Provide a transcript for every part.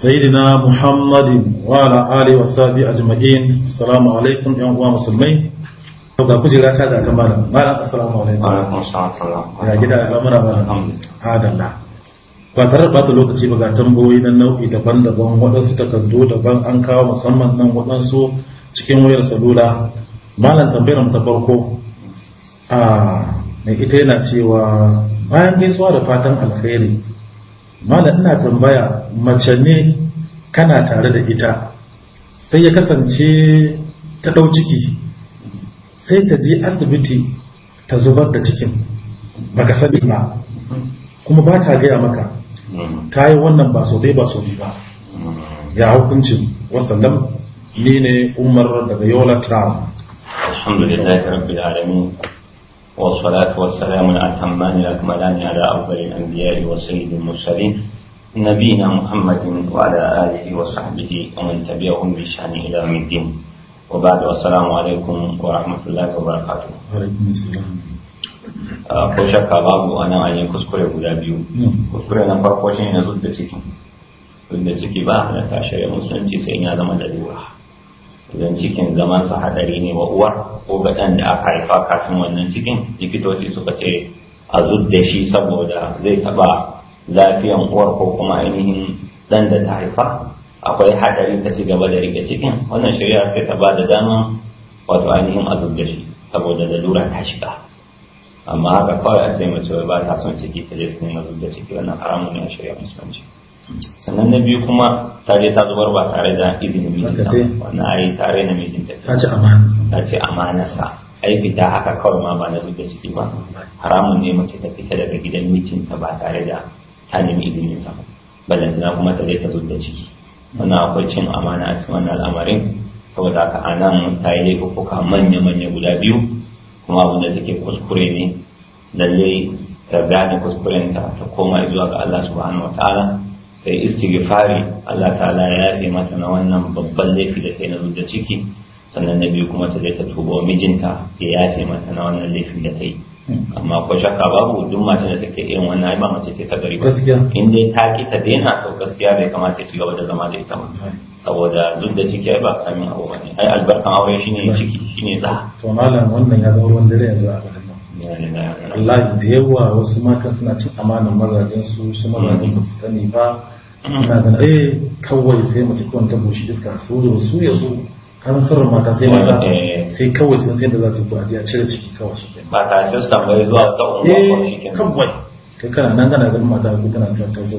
سيدنا محمد وعلى آله وصحبه أجمعين السلام عليكم يا أخوة مسلمين ga kujera ta da ta malam malam assalamu alaikum alaikum assalam ya gida al'amura malam adalla ba tare da ta lokaci ba ga tambayoyi na nau'i daban-daban waɗansu takardu daban an kawo musamman nan waɗansu cikin wayar salula malam tambayar ta farko a ah, ne ita yana cewa bayan gaisuwa da fatan alkhairi mana ina tambaya mace ne kana tare da ita sai ya kasance ta ɗau ciki sai ta je asibiti ta zubar da cikin baka sabi ba kuma ba ta gaya maka ta yi wannan ba so dai ba so ba ya hukuncin wasannan ni ne umar daga yola town alhamdulillah rabbil alamin والصلاة والسلام الأتمان الأكملان على أفضل الأنبياء وسيد المرسلين نبينا محمد وعلى آله وصحبه ومن تبعهم بشأن إلى يوم الدين وبعد السلام عليكم ورحمة الله وبركاته وعليكم السلام ko shakka babu ana an yi kuskure guda biyu kuskure na farko shi ne na zudda ciki zudda ciki ba na tashirya musulunci sai ya zama da lura don cikin zaman zamansa hadari ne wa uwa ko ga ɗan da aka haifa kafin wannan cikin likitoci suka ce a zub da shi saboda zai taɓa lafiyan uwar ko kuma ainihin ɗan da ta haifa akwai hadari ta ci gaba da rike cikin wannan shari'a sai ta ba da dama wato ainihin a zub da shi saboda lalura ta shiga amma haka kawai a ce mace ba ta son ciki ta je ta nema zub da ciki wannan haramun ne a shari'a musulunci sannan na biyu kuma ta je ta zubar ba tare da izinin mijinta wannan ai tare na mai jinta ta ce amana ai fita haka kawai ma ba na zuba ciki ba haramun ne mace ta fita daga gidan mijinta ba tare da ta nemi izinin sa balantana kuma ta je ta zuba ciki wannan akwai cin amana a cikin wannan al'amarin saboda haka a nan ta yi laifuka manya-manya guda biyu kuma abin da take kuskure ne lallai ta gane kuskurenta ta koma zuwa ga Allah subhanahu wa ta'ala ta yi istighfari Allah ta'ala ya yafe mata na wannan babban laifi da ta yi na da ciki sannan na biyu kuma ta je ta tuba wa mijinta ya yafe mata na wannan laifin da ta yi amma ko shakka babu duk mace da take irin wannan ai ba mace ce ta gari ba in dai ta ki ta daina to gaskiya bai kamata ci gaba da zama da ita ba saboda duk da ciki ai ba kamin abu ne ai albarkan aure shine ciki shine za to malam wannan ya zama ruwan dare yanzu a Allah da yawa wasu mata suna cin amanan mazajen su su mazajen ba su sani ba eh kawai sai mace kawai ta bushi iska su da su ya su kan sirrin mata sai mata eh. sai kawai sun sai da za su buɗe a cire ciki kawai su mata sai su tambayi zuwa ta unguwa shi eh, kenan kawai kai kana nan kana ganin mata ko tana ta ta zo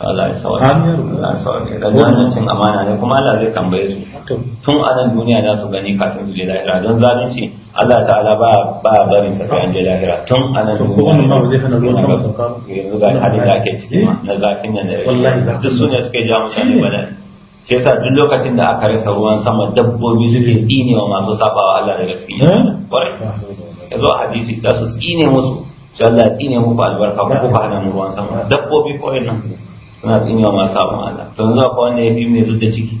Allah ya sauri Allah ya sauri ranar cin amana ne kuma Allah zai tambaye su tun a nan duniya za su gani kafin su je lahira don zalunci Allah ta'ala ba ba bari sa sai an je lahira tun a nan duniya kuma ba zai hana ruwan sama sauka yanzu ga halin da ake ciki eh? na zafin nan da wallahi duk sune suke ja mutane bala shi yasa duk lokacin da aka rasa ruwan sama dabbobi suke tsinewa masu sabawa Allah daga cikin eh? kwarai yanzu a hadisi za su tsine musu sai Allah ya tsine muku albarka ko ku hana ruwan sama dabbobi ko nan suna tsini wa masu abin Allah to yanzu akwai wanda ya fi mai zuta ciki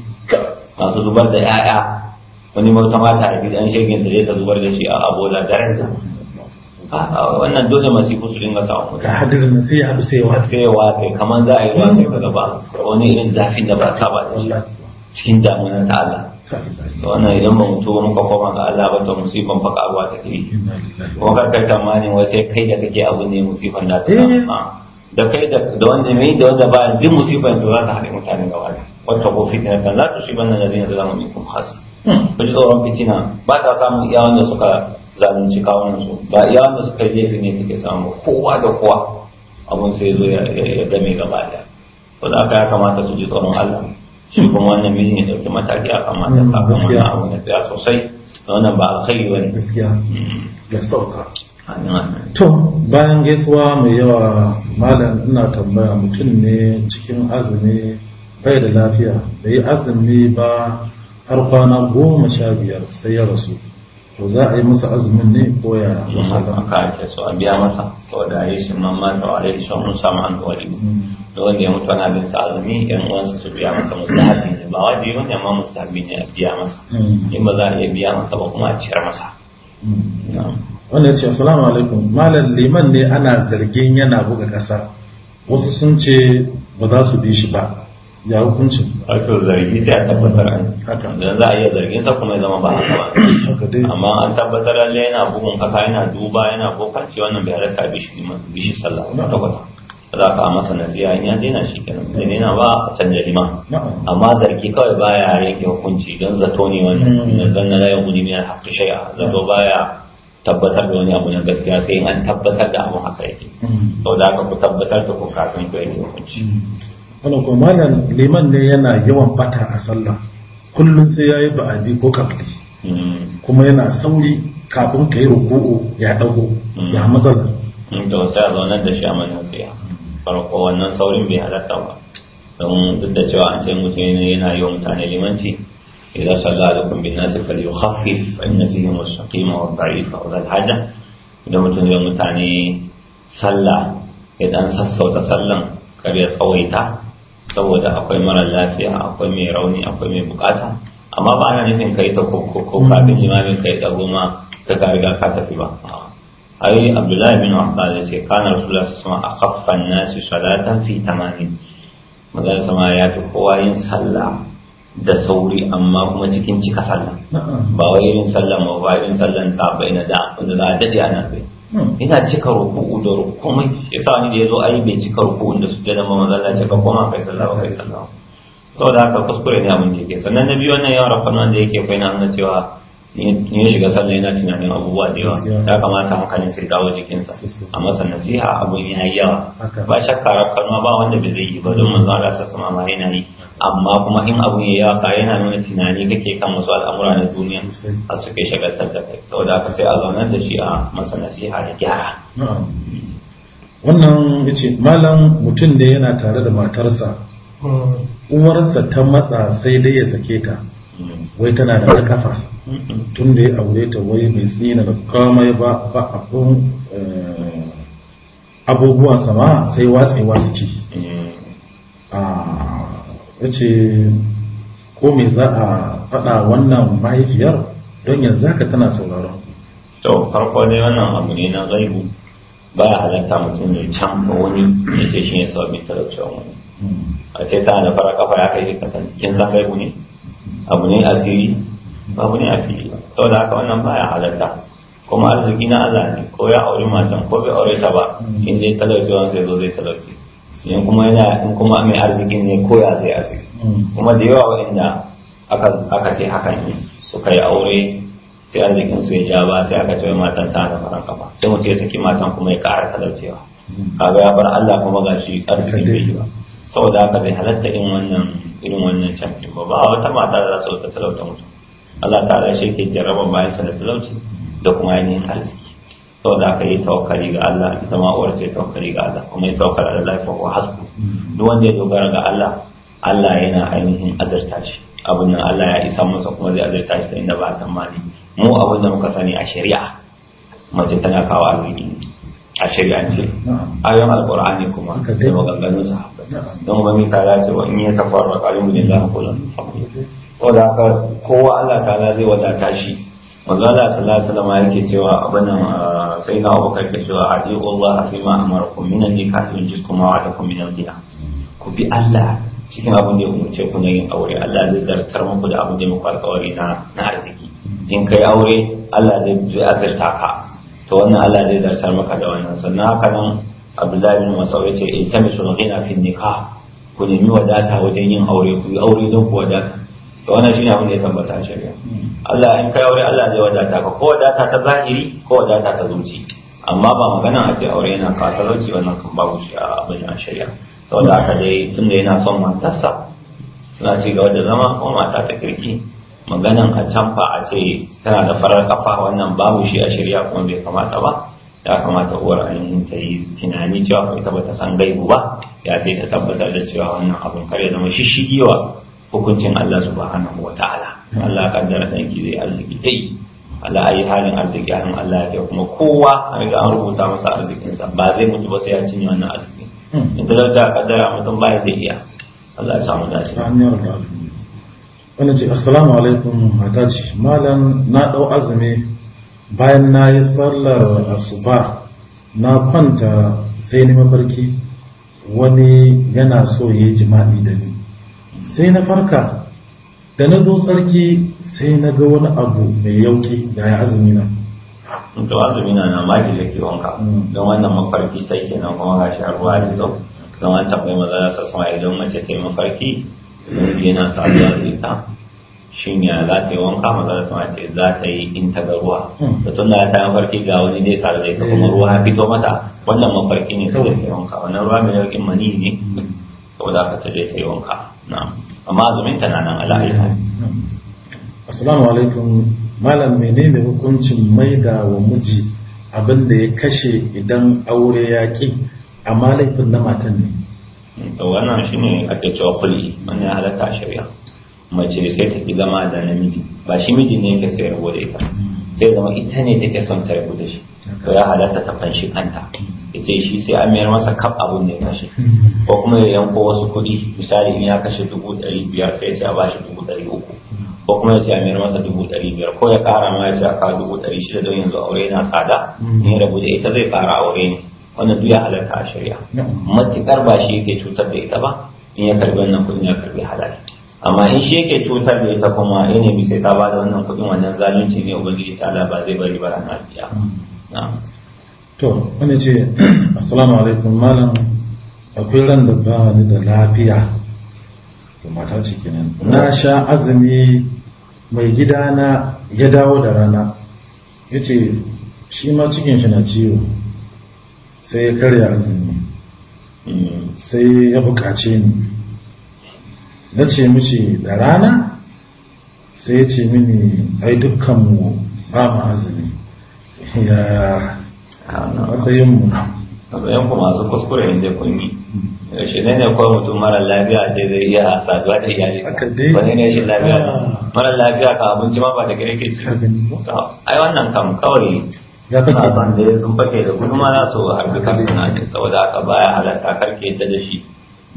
masu zubar da 'ya'ya wani mata mata a gidan shekin da zai ta zubar da shi a abola darensa wannan dole masifu su dinga samu mutane hadirin sai ya haɗu sai watsi sai watsi kamar za a yi watsi ka gaba wani irin zafin da ba saba da shi cikin damuna ta Allah wannan idan ba mutu ba muka koma ga Allah ba ta musifan fa karuwa ke yi kuma karkar tamanin wai sai kai da kake abu ne musifan da ta samu eh. da kai da wanda mai da wanda ba jin musibar su za ta haɗe mutane gaba da wata ko fitina kan za ta shi ban nan zai zama mai kuma hasi hmm. ku ji tsoron fitina ba ta samun iya wanda suka zalunci kawunan su ba iya wanda suka yi su ne suke samu kowa da kowa abun sai zo ya game gaba da to da aka ya kamata su ji tsoron Allah shi kuma wannan mini ya dauki mataki a kamata hmm, sabon wani abu na tsaya sosai wannan ba alkhairi ne gaskiya ga hmm. sauka to bayan gaisuwa mai yawa malam ina tambaya mutum ne cikin azumi bai da lafiya da yi azumi ba har kwana goma sha biyar sai ya rasu to za a yi masa azumin ne ko ya masa ka ake so a biya masa saboda ya shi mamma ta wale da shan musa an wali mm. da wanda ya mutu ana bin sa azumi yan uwansa su biya masa mustahabi ne ba Wajen yi ne amma musu ne a biya masa mm. in ba za a iya biya masa ba kuma a ciyar masa mm. ya ce assalamu alaikum malam liman ne ana zargin yana buga ƙasa wasu sun ce ba za su bi shi ba ya hukuncin aka zargi sai a tabbatar an haka dan za a iya zargin sa kuma ya zama ba haka ba amma an tabbatar lalle yana bugun ƙasa yana duba yana kokar ce wannan bai halatta bi shi liman bi shi sallah ba tabbata za ka masa nasiya in ya daina shi kenan bai daina ba a canja liman amma zargi kawai baya yanke hukunci don zato ne wani. zanna hmm. la yughni min al-haqqi shay'a zato baya tabbatar da wani abu na gaskiya sai in an tabbatar da abu haka yake mm. sau da haka ku tabbatar da ku kafin ku yanke hukunci mm. wani kuma malam liman ne yana yawan bata a sallah kullum sai ya yi ba'adi ko kabli mm. kuma yana sauri kafin ka yi ruku'u ya dago ya matsala da wasu zo nan da shi a siya farko wannan saurin bai halatta ba don duk da cewa an ce mutum yana yawan mutane limanci إذا ذ صلى لكم بالناس فليخفف ان فيهم السقيم والضعيف او الحاجة إذا يوم يوم تاني صلى اذا انصت وتسلم كبير صويتا سودا اقوي مرا لا فيها اقوي ميروني اقوي ميبقاتا اما بعد ان يكون كيف كوكا بالامام كيف اقوم تكارك الكاتب اي عبد الله بن عبد الله كان رسول الله صلى اخف الناس صلاه في تمام مثلا سماياته هو ان صلى da sauri amma kuma cikin cika sallah ba wai irin sallah ma ba irin sallan sabai na da wanda za a dade ana bai ina cika ruku'u da komai yasa ni da yazo ai bai cika ruku'un da sujjada da manzo Allah cika koma kai sallah ba kai sallah saboda haka kuskure ne abin da yake sannan na biyu wannan yawan rafan wanda yake kai na cewa ni ya shiga sallah yana tunanin abubuwa da yawa ya kamata hankalin sai dawo jikinsa a masa nasiha abun ya yi yawa ba shakka rakanwa ba wanda bai zai yi ba don manzo Allah sa sama ma yana yi amma kuma in abun ya yaka yana nuna tunani kake kan wasu al'amura na duniya a suke shagaltar da kai saboda haka sai a zaunar da shi a masa nasiha da gyara wannan ya ce malam mutum da yana tare da matarsa uwarsa ta matsa sai dai ya sake ta wai tana da ta kafa tun da ya aure ta wai bai tsina da kamai ba ba abun eh, abubuwan sama sai watsewa suke eh. ah. ya ce ko me za a faɗa wannan mahaifiyar don yanzu haka tana sauraron to farko ne wannan abu ne na gaibu ba ya halatta mutum ne can ko wani ya ce shi ne sababbin talaucin wani hmm. a ce ta na fara kafa ya kai kasan kin san gaibu ne abu ne a fili Abu ne a fili saboda haka wannan ba ya halatta kuma arziki na Allah ne ko ya auri matan ko bai aure ta ba hmm. in dai talauci wani sai zo zai talauci in kuma yana in kuma mai arzikin ne koya zai arziki mm. kuma da yawa wa'inda aka ce hakan ne suka yi aure sai arzikin su ya ja ba sai aka ce matan ta na faran kafa sai mu ce saki matan kuma ya ƙara talaucewa mm. kaga ya bar Allah kuma gashi arzikin bai yi ba saboda haka bai halatta in wannan irin wannan camfin ba ba wata mata da za ta talauta mutum Allah ta shi ke jarraba bayan sa da talauci da kuma ainihin arziki sau da aka yi tawakkali ga Allah ita ma uwar ce tawakkali ga Allah kuma yi tawakkali da lafiya ko hasbu mm. duk wanda ya dogara ga Allah Allah yana ainihin azarta shi abin nan Allah ya isa masa kuma zai azarta shi inda ba tsammani mu abin da muka sani a shari'a mace tana kawo arziki a ce ayon alkur'ani kuma sai maganganun sa don mi ta ce, wa in ya tafarwa kalin ne za a kula saboda haka kowa Allah ta zai wadata shi manzala sallallahu alaihi wasallam yake cewa abana ah, sai na abubakar da cewa adi'u Allah fi ma amarakum min an-nikah yunjikum wa wa'adakum min al-ghina ku bi Allah cikin abin da ya umarce ku na yin aure Allah zai zartar muku da abin da muku alƙawari na na arziki in kai aure Allah zai zarta ka to wannan Allah zai zartar maka da wannan sannan haka nan Abdullahi bin Mas'ud ya ce in iltamisul ghina fi nikah ku nemi wadata wajen yin aure ku yi aure don ku wadata to wannan shine abin da ya tabbata a shari'a Allah in kai aure Allah zai wadata ka ko wadata ta zahiri ko wadata ta zuci amma ba magana a ce aure yana ka wannan kan babu shi a abin a shari'a saboda haka dai tunda yana son matarsa suna ci gaba da zama ko mata ta kirki maganan a can fa a ce tana da farar kafa wannan babu shi a shari'a kuma bai kamata ba ya kamata uwar ainihin ta yi tunani cewa ko ita ba ta san gaibu ba ya sai ta tabbatar da cewa wannan abin kare zama shishigewa hukuncin Allah subhanahu wa ta'ala Allah ya kaddara danki zai arziki zai Allah ayi halin arziki an Allah ya kuma kowa an ga an rubuta masa arzikinsa ba zai mutu ba sai ya cinye wannan arziki hmm. in ta zarta kaddara mutum baya zai iya Allah ya samu dace wannan ce assalamu alaikum mataji malam na dau azumi bayan na yi sallar asuba na kwanta sai ni mafarki wani yana so ya yi jima'i da ni sai na farka da na zo tsarki sai na ga wani abu mai yauki da ya azumi na in ka azumi na na maki da ke wanka mm. don wannan mafarki ta ke nan kuma ga shi ruwa da zo don an kai maza na sa sama idan mace ta yi mafarki don yana sa zuwa da ita shin ya za ta yi wanka maza na sama ce za ta yi in ta ga ruwa mm. da tun da ta yi mafarki ga wani zai sa zai kuma eh. ruwa ya fito mata wannan mafarki ne kawai ta yi wanka wannan ruwa mai yaukin mani ne mm. saboda ka ta je ta yi wanka amma azumin ta nan ala'ayyar assalamu alaikum malam menene hukuncin maida wa miji abin da ya kashe idan aure ya ƙi amma laifin na matan ne wannan shi ne ake cewa kulli wani ya halatta shari'a mace sai ta ki zama da namiji ba shi miji ne yake sai da ita mm. sai zama ita ne take son ta rabu da shi to ya halatta ta fanshi kanta ya ce shi sai an mayar masa kaf abun da ya kashe ko kuma ya yanko wasu kuɗi misali in ya kashe dubu ɗari biyar sai ce a bashi dubu ɗari uku ko kuma ya ce a mayar masa dubu ɗari biyar ko ya ƙara ma ya ce a kawo dubu ɗari shida don yanzu aure na tsada hmm. in ya rabu da ita zai ƙara aure ne wannan duk ya halarta a shari'a matuƙar ba shi yake cutar da ita ba in ya karbi wannan kuɗin ya karbi halal amma in shi yake cutar da ita kuma ya nemi sai ta ba da wannan kuɗin wannan zalunci ne ubangiji ta ba zai bari ba ranar biya. to wani ce assalamu alaikum malam akwai ran da ba ni da lafiya da mata na sha azumi mai gida na ya dawo da rana ya ce shi ma cikin shi na ciwo sai ya karya azumi sai ya bukace ni na ce mishi da rana sai ya ce mini ai dukkanmu ba mu azumi ya matsayinmu matsayinku masu kuskure inda kun yi shi ne ne kawai mutum mara lafiya sai zai iya saduwa da iyali wani ne shi lafiya ah. mara lafiya ka abinci ma ba da kare ke ci ai wannan kam kawai matasan da sun fake da gudu ma za su harbi kansu na ne saboda aka baya halatta karke ta da shi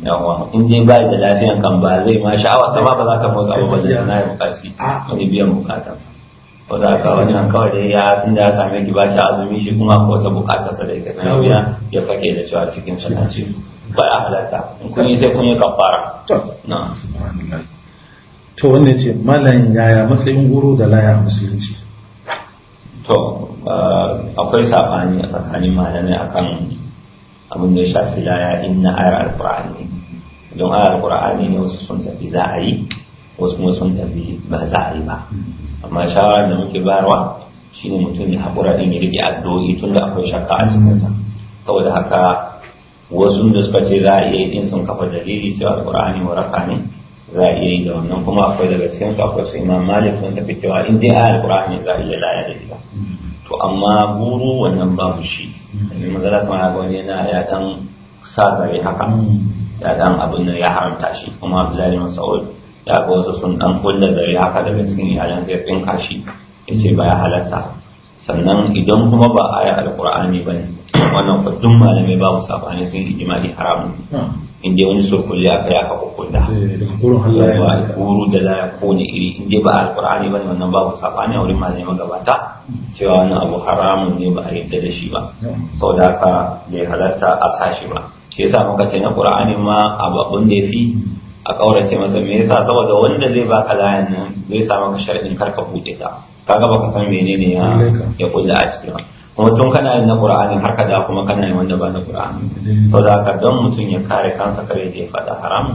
yawa in dai ba da lafiyan kan ba zai ma sha'awa sama ba za ka motsa ba ba da na yi ah. wani biyan bukatansa ko za ka wancan kawai da ya tun da ya same ki ba ki azumi shi kuma ko ta bukata sa da yake sanawiya ya fake da cewa cikin sanaci ba ya halatta in kun yi sai kun yi kafara na to wanda ce malam yaya matsayin goro da laya a musulunci to eh, akwai sabani a tsakanin malamai akan abin da ya shafi laya in na ayar alqur'ani don ayar alqur'ani ne wasu sun tafi za a yi wasu kuma sun tafi ba za a yi ba hmm. amma shawarar da muke bayarwa shine mutum ya haƙura ɗin ya rike addu'o'i tun da akwai shakka a cikinsa saboda haka wasu da suka ce za a iya yi sun kafa dalili cewa alƙur'ani waraka ne za a iya yi da wannan kuma akwai daga cikin su akwai su imam malik sun tafi cewa in dai ayar alƙur'ani za a iya laya da ita to amma buru wannan babu shi domin mazala sama ya wani yana ya dan sa haka ya dan abin nan ya haramta shi kuma abdullahi masaud ya ga wasu sun dan kulla zare haka daga cikin iyalan sai tsinka kashi ya ce ba ya halatta sannan idan kuma ba aya alkur'ani ba ne wannan kwadun malamai babu sabani sun ijimali haramun in dai wani surkulli aka ya ka kukkulla ba kuru da laya kone iri in dai ba alqur'ani ba ne wannan babu sabani a wurin malamai magabata cewa wannan abu haramun ne ba a yadda da shi ba sau da haka bai halatta a sashi ba shi yasa muka ce na qur'ani ma abu abun da ya fi a kaurace masa me yasa saboda wanda zai baka layan nan zai sa maka sharadin karka bude ta kaga baka san menene ya ya kulla a cikin kuma tun kana yin na qur'ani har ka da kuma kana yin wanda ba na qur'ani saboda haka don mutum ya kare kansa kare ya faɗa haram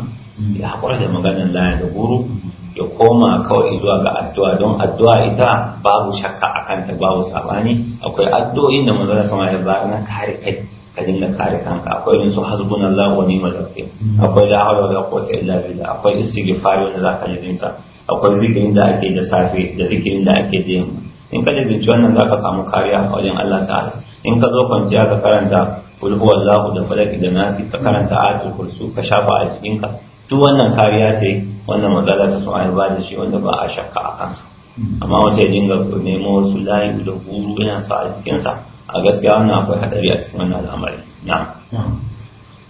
ya hakura da maganar laya da guru ya koma kawai zuwa ga addu'a don addu'a ita babu shakka akan ta babu sabani akwai addu'o'in da manzon sama ya na kare kai ka dinga kare kanka akwai irin su hasbunallahu wa ni'mal wakil mm. akwai la hawla wala quwwata illa billah akwai istighfar wanda zaka dinga akwai zikirin da ake da safe da zikirin da ake da yamma in ka dinga wannan zaka samu kariya a wajen Allah ta'ala in ka zo kwanciya ka karanta kul huwallahu da falaki da nasi ka karanta ayatul kursu ka shafa a jikinka duk wannan kariya ce wannan matsala ta sun ba da shi wanda ba a shakka a kansa mm. amma wata ya dinga nemo su layi da guru yana sa a jikinsa a gaskiya wannan akwai hadari a cikin wannan al'amari na.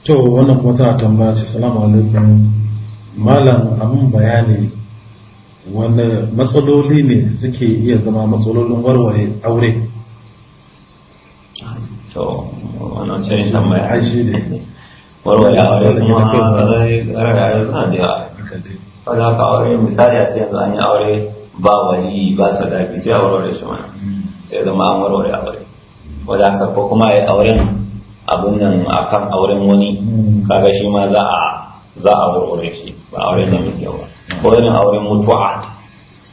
to wannan kuma ta tambaya ce salamu alaikum malam amin bayani wanda matsaloli ne suke iya zama matsalolin warware aure to wannan ce tambaya a shi ne warware aure kuma rarrayar da yawa wadda aka aure misali a cikin zuwa an yi aure ba wani ba sadaki sai a warware shi mana hmm. sai zama an warware aure wadaka ko kuma ya auren abun nan kan auren wani hmm. kaga shi ma za a za shi ba auren da muke ba ko irin auren mutuwa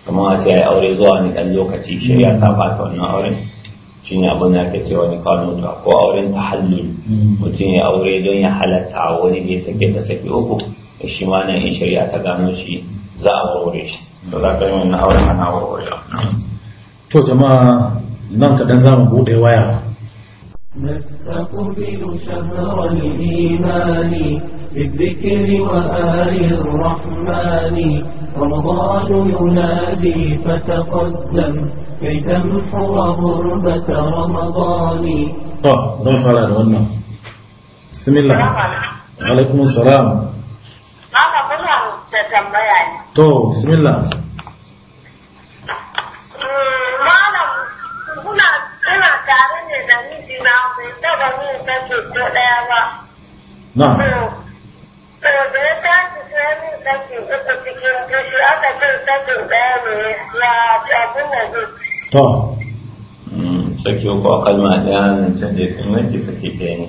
kamar a ce ya aure zuwa ni dan lokaci shirya ta fata wannan auren shi ne abin da ake ce wani kawo mutuwa ko auren ta hallu hmm. mutum ya aure don ya halatta wani ne saki sake ta sake uku shi ma nan in shirya ta gano shi za a warware shi to za ka yi auren ana to nan kaɗan za mu waya نستقبل شهر الإيمان بالذكر وآل الرحمن رمضان ينادي فتقدم كي تمحو غربة رمضان طه ده فرع الغنى بسم الله نعم، نعم. عليكم السلام ما قبلها تتم بيان تو بسم الله na ba mu ta ce ko daya ba na to da ya tashi sai mu mm, ta ce ko cikin gashi aka ce ta ce daya ne ya abin da to sake uku a kalma ɗaya nan can da ya fi manci sake ɗaya ne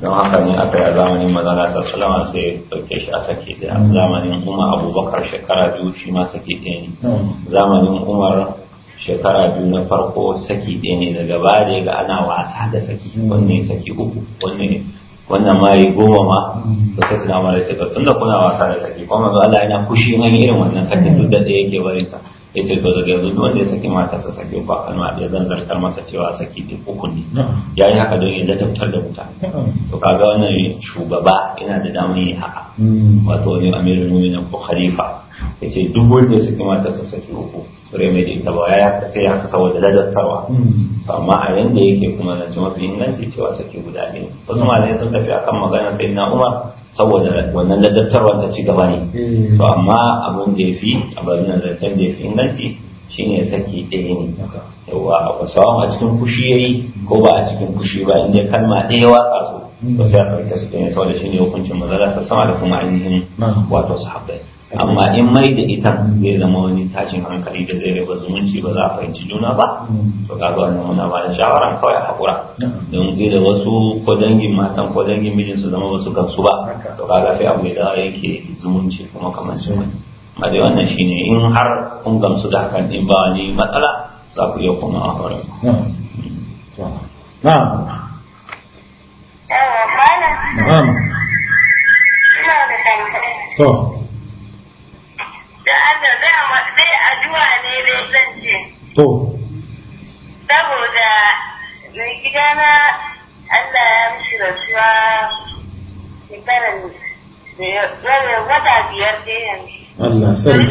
don haka ne aka yi a zamanin mazana ta salama sai ya ɗauke shi a sake ɗaya zamanin umar abubakar shekara biyu shi ma sake ɗaya ne zamanin umar shekara biyu na farko saki ɗaya ne daga baya ga ana wasa da saki wanne saki uku wanne wannan ma goma ma mm-hmm. to sai suna mara ce tun da kuna wasa da saki kuma ga Allah yana kushi man irin wannan sakin duk da ɗaya yake barinsa sa ce to daga yanzu wanda ya saki mata sa saki ba kalma da zan zartar masa cewa saki ɗaya uku ne mm-hmm. yayi haka don ya ladabtar da mutane mm-hmm. to kaga wannan shugaba yana da damar yin haka wato ne amirul mu'minin ko khalifa Yace ce duk wanda ya saki mata su saki uku remedy ta ba ya sai ya haka saboda ladattarwa mm. amma a yanda yake kuma na ji mafi inganci cewa saki guda ne wasu malamai sun tafi akan magana sai na umar saboda wannan ladattarwa ta ci gaba ne mm. to amma abun da ya fi da zancen da ya fi inganci shine saki ɗaya ne yawa kwasawan a cikin kushi yayi ko ba a cikin kushi ba inda kalma ɗaya watsa su ba mm. sai a ɗauke su ɗaya saboda shine hukuncin mazala sassama da kuma ainihin wato su sahabbai amma in mai da ita zai zama wani tashin hankali da zai raba zumunci ba za a fahimci juna ba to ga wannan muna ba da shawara kawai a hakura don da wasu ko dangin matan ko dangin mijin su zama wasu gamsu ba to ga sai abu da yake zumunci kuma kamar su wani dai wannan shine in har kun gamsu da hakan in ba wani matsala za ku iya kuma a Na na'am na'am to ne saboda mai gidana Allah ya mishi rasuwa ji ganshi Allah ya mishi shi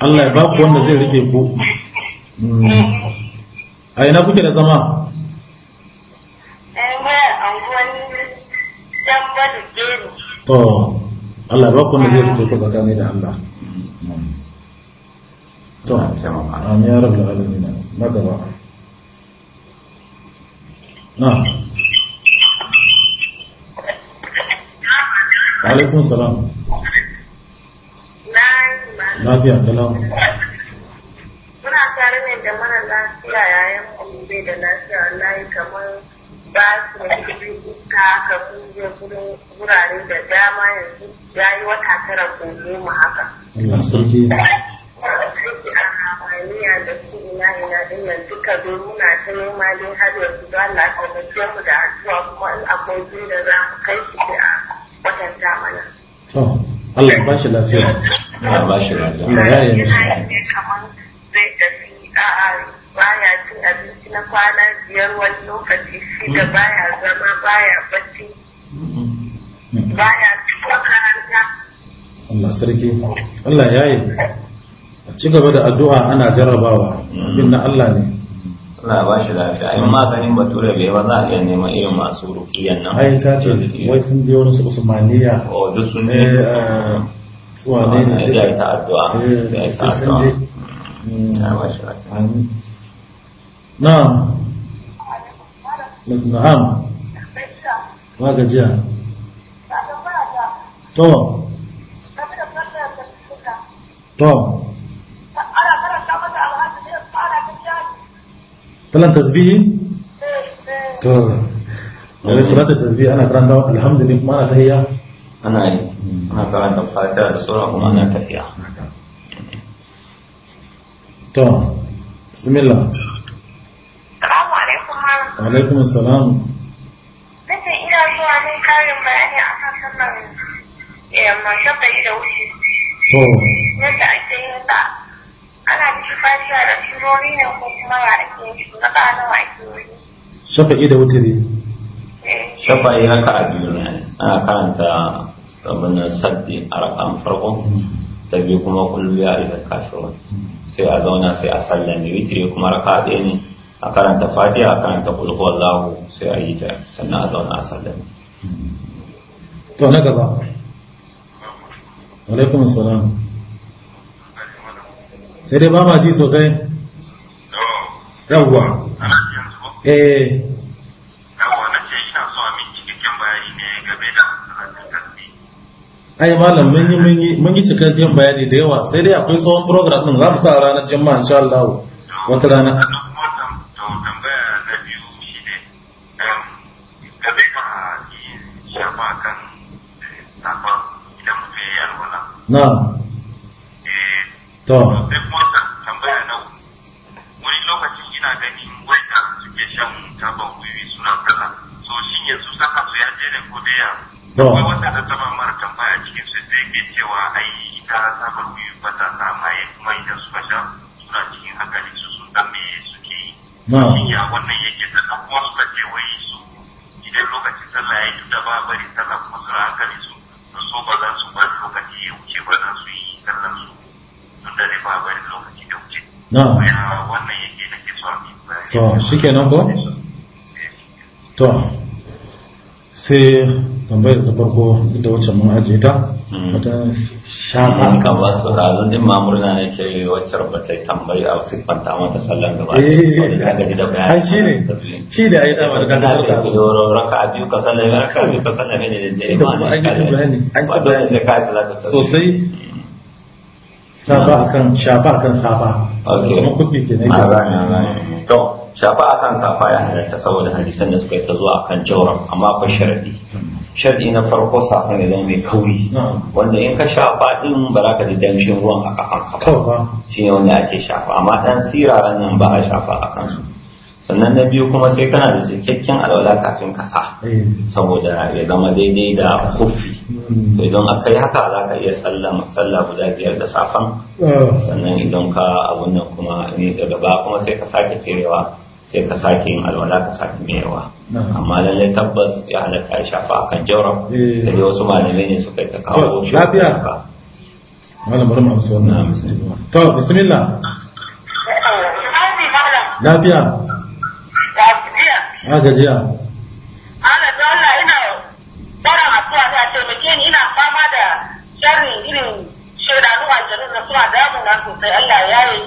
Allah ya ba ku wanda zai rike ku hmm. a ina kuke da zama to Allah ba ku zai fito ku tsakani da Allah to amin ya rabbal alamin na gaba na alaikum salam lafiya kalau muna tare ne da mara lafiya yayin bai da lafiya wallahi kamar ba su da cikin iska ka kuje gudun wurare da dama yanzu ya yi wata tara ko goma haka. Aiki a hamaniya da su ina ina din nan duka domin na ta noma dai har yanzu don Allah kaunace mu da addu'a kuma in akwai jin da za mu kai shi a watan mana. Allah ba shi lafiya. Allah ba shi lafiya. Allah ya yi musu. Kamar zai tafi a'a baya cin abinci na kwana biyar wani lokaci shida baya zama baya bacci baya karanta. Allah sarki Allah ya yi a ci gaba da addu'a ana jarrabawa abin na Allah ne Allah ba shi lafiya ayin maganin bature bai ba za a iya neman irin masu rukiyan nan Ayin ta ce wai sun je wani su usmaniya o oh, duk eh, eh, su ne suwa ne ne ta addu'a eh, ta addu'a نعم نعم ماذا جاء طب طب فلان تسبيح طب يعني لأن صلاة التسبيح أنا أترندى الحمد لله ما أنا هي أنا أي أنا أترندى الفاتحة بسرعة وما أنا تهيأ طب بسم الله alaikum salam nake ina so a min karin bayani a kan sallar eh, mashaƙari da wuce to yadda ake yin ba, ana ciki fatiha da surori ne ko kuma ya ake yin shi na wa ake yi shafa'i da wuce ne yi haka a biyu ne ana karanta abin sabbin a farko ta biyu kuma kullu ya alfa wani. sai a zauna sai a sallan ne witiri kuma raka ɗaya ne a karanta fatiha a karanta kulhu Allahu sai a yi ta sannan a zauna a sallama to na gaba alaikum salam sai dai ba ma ji sosai yawwa eh ai malam mun yi mun yi mun yi cikakken bayani da yawa sai dai akwai tsohon program din za su sa ranar jama'a insha Allah wata rana na to sai kuma ina ganin wanda suke shan yanzu saka ya je ne ko da ya taba mara tambaya cikin su sai ke cewa ai ita taban wiwi ba ta sa maye kuma idan suka sha suna cikin hankali su sun san me suke yi shin ya wannan yake da kuma suka ce wai su idan lokacin sallah ya yi da ba bari sallah na wannan yake nake sai tambayar ta farko da wacce mun ajiye ta wata hmm. shafa ka ba su razan din ke wacce ba ta tambayi a siffanta mata sallan gaba eh, eh, da ga ji da bayani ne shi da da kanta da doro raka a biyu ka sallan raka biyu ka sallan ne da ne saba akan shafa akan safa okay kuma kuɗi ke ne to shafa akan safa ya Kita saboda dah da suka yi ta zuwa akan jawran amma akwai sharadi sharadi na farko safan dengan zama mai wanda in ka shafa itu ba di ka ji damshin ruwan a kafan ka ba shine wanda ake shafa amma dan siraran nan ba a shafa akan su sannan na biyu kuma sai kana da cikakken alwala kafin kasa saboda ya zama daidai da kufi mm. to idan aka yi haka za ka iya sallah guda biyar da safan ah. sannan idan ka abun nan kuma ne daga ba kuma sai ka sake cirewa sai ka sake yin alwala ka sake mewa amma lallai tabbas ya halatta ya shafa akan jawra eh. sai wasu malamai ne suka yi ta kawo shi lafiya malam bari wannan to bismillah lafiya haka gajiya ana ta Allah ina fara addu'a ta ce muke ni ina fama da sharri irin shaidanu a jarin da suna damu na sosai Allah ya yi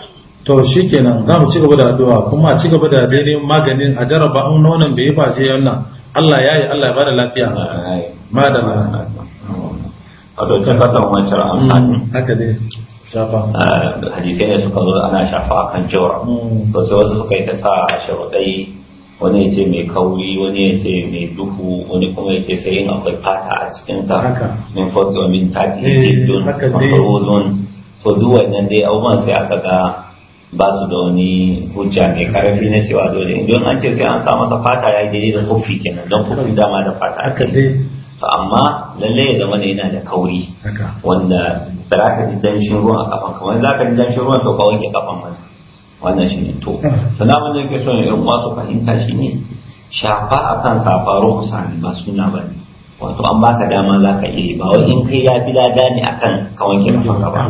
to shikenan za mu ci gaba da addu'a kuma ci gaba da daidai maganin a jaraba an nonon bai yi face yana Allah ya yi Allah ya bada lafiya madalla a dokin fatan wancan amsa mm, haka dai shafa ah, hadisai ne suka zo ana shafa kan jawar mm. to sai wasu suka yi ta sa sharuɗai wani ya ce mai kauri wani ya ce mai duhu wani kuma ya ce sai yin akwai fata a cikinsa min fokki min tati eh, jiddun makarozon to duk wannan dai abubuwan sai aka ga ba su da wani hujja mai karfi na cewa dole don an ce sai an sa masa fata ya daidai da kofi kenan don kofi dama da fata haka dai to amma lalle ya zama ne yana da kauri wanda za ka ji danshin ruwan a kafan kamar za ka ji danshin ruwan to ka wanke kafan mana wannan shi ne to eh. sanamun da ke son yan masu fahimta shi ne shafa a kan safa rukusa sami ba suna ba ne wato an baka dama za ka iya ba wai in kai ya fi lada ne a kan kawanke kafanka ba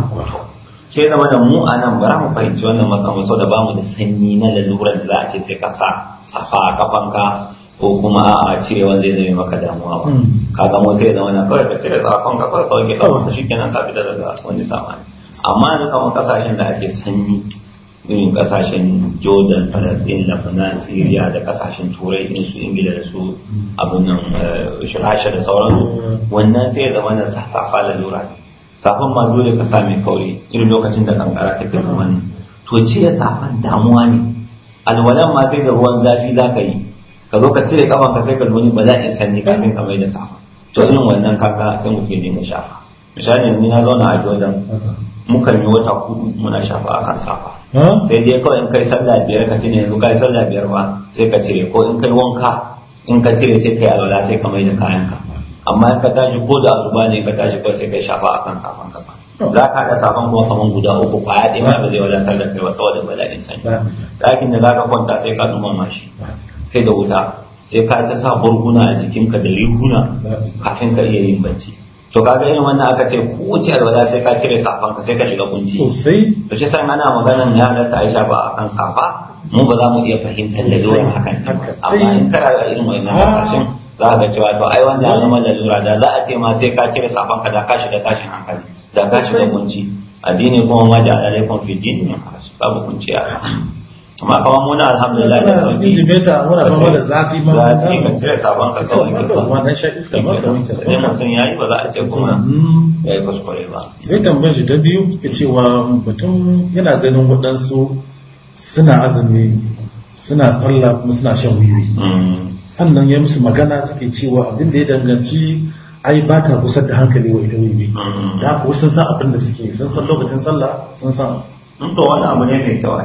ke zama da mu a nan ba mu fahimci wannan matsan sau da ba mu da sanyi na lalurar da za a ce sai ka sa safa a kafanka ko kuma a cire wanda zai zama maka damuwa ba kaga mu sai zama na kawai ka cire safanka kawai kawai ke kawai shi kenan ka fita daga wani samani amma da kawai kasashen da ake sanyi irin kasashen jordan palestine lebanon syria da kasashen turai din su ingila da su nan eh, shirashe da sauransu wannan sai ya zama na safa lalura safan ma dole ka sami kauri irin lokacin da kankara ta kai kuma to cire safan damuwa ne alwalan ma sai da ruwan zafi za ka yi ka zo ka cire kafan ka sai ka zo ni ba za in sanyi kafin ka mai da safa to irin wannan kaka sai mu ya dinga shafa misali ni na zauna a jordan mukan yi wata hudu muna shafa akan safa sai dai kawai in kai sallah biyar ka tuna yanzu kai sallah biyar ba sai ka cire ko in kai wanka in ka cire sai kai alwala sai ka mai da ka. amma in ka tashi ko da asuba ne ka tashi ko sai kai shafa akan safan ka oh. za ka haɗa safan kuma kaman guda uku kwaya ɗaya ma ba zai wadatar da kai ba saboda bala'in sanyi ɗakin da za ka kwanta sai ka dumama mashi sai da wuta sai ka ta sa burguna a jikinka da rihuna kafin ka iya yin bacci to kaga irin wannan aka ce kowace alwala sai ka cire safan ka sai ka shiga kunci to shi san ana maganar ya halatta Aisha ba akan safa mu ba za mu iya fahimtar da zuwa hakan amma in kana da irin wannan kashin ah. za ka cewa to ai wanda ya zama lalura da za a ce ma sai ka cire safan ka da ka shiga tashin hankali da ka shiga kunci addini kuma ma da alaikum fi dini babu kunci a amma kawai muna alhamdulillah da sauki jibeta muna fama da zafi ma zafi ka cire sabon ka kawai ka kuma dan sha iska ba da wancan sai mutun yayi ba za a ce kuma mm-hmm. yayi kuskure ba sai tambayar shi ta biyu ke cewa mutum yana ganin waɗansu suna azumi suna sallah kuma suna shan wiwi mm-hmm. sannan ya musu magana suke cewa abin da ya danganci ai ba ta kusa da hankali wa ita wiwi mm-hmm. da ko sun san abin da suke sun san lokacin sallah sun san to wannan abu ne mai kyau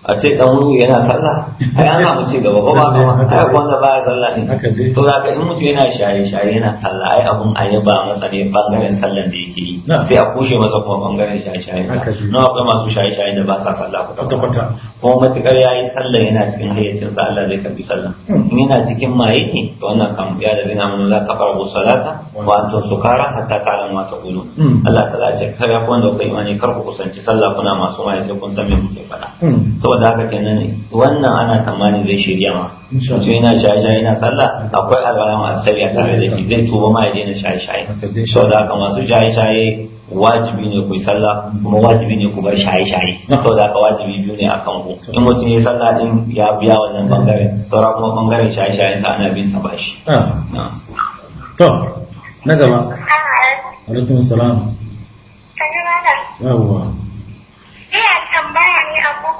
a ce dan wuri yana sallah ai an mu ci gaba ko ba ka ma ai wanda ba sallah ne to da in mutu yana shaye shaye yana sallah ai abun a yaba masa ne bangaren sallan da yake yi sai a kushe masa kuma bangaren shaye shaye na akwai masu shaye shaye da ba sa sallah kwata kwata kuma matukar yayi sallah yana cikin hayyacin sa Allah zai karbi sallah hmm. in yana cikin maye ne to wannan kam ya da zina mun la taqrabu salata wa antum sukara hatta ta'lamu ma taqulu hmm. Allah ta ce kar ya ku wanda ku imani kar ku kusanci sallah kuna masu maye sai kun san me kuke faɗa hmm. saboda haka kenan wannan ana tamanin zai shirya ma mutum yana shaye-shaye yana sallah akwai alama asali a tare da shi zai tuba ma ya daina shaye-shaye saboda haka masu shaye-shaye wajibi ne ku yi sallah kuma wajibi ne ku bar shaye-shaye saboda haka wajibi biyu ne akan ku in mutum ya sallah din ya biya wannan bangare saura kuma bangaren shaye sa ana bin sa bashi ah. to na gaba alaikum salam yawwa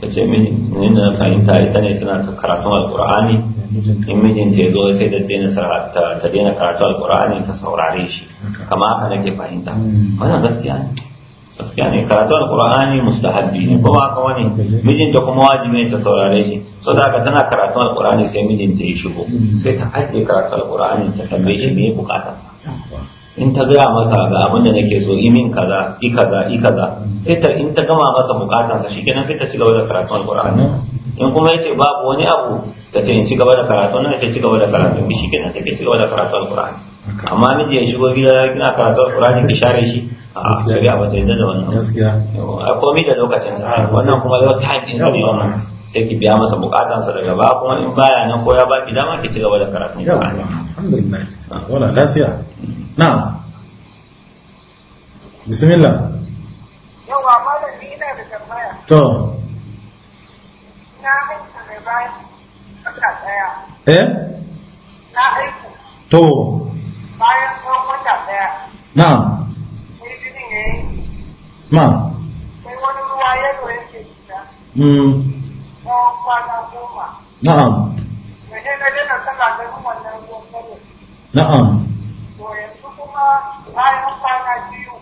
ta ce mijin na fahimta ita ne tana karatun alkur'ani in mijinta ya zo sai da daina ta daina karatun alkur'ani ta saurare shi kama haka nake fahimta hmm. wannan gaskiya ne gaskiya ne karatun alkur'ani mustahabbi ne kuma haka wani Mijinta kuma wajibi ne ta saurare shi so da tana karatun alkur'ani sai mijinta ya shigo hmm. sai ta ajiye karatun alkur'ani ta tambaye shi me bukatarsa in ta gaya masa ga abin da nake so imin kaza i kaza i kaza sai ta in ta gama masa bukatansa shikenan sai ta ci gaba da karatun alqur'ani in kuma yace babu wani abu ta ce in ci gaba da karatu nan ta ci gaba da karatu shi shikenan sai ka ci gaba da karatu alqur'ani amma miji ya shigo gida kina karatu alqur'ani ki share shi a gari ba bata yadda da wannan gaskiya a komai da lokacin sa wannan kuma yau ta yi sa ne wannan sai ki biya masa bukatansa daga ba kuma in baya nan ko ya baki dama ki ci gaba da karatu Qur'ani alhamdulillah ah. wala lafiya na'am bismillah yawa malam ni ina da tambaya to na aika da bayan kuka daya eh na aika to bayan ko kuka daya na'am sai ma sai wani ruwa ya zo yake fita hmm. tsawon kwana goma. Na'am. Na'am. To yanzu kuma bayan kwana biyu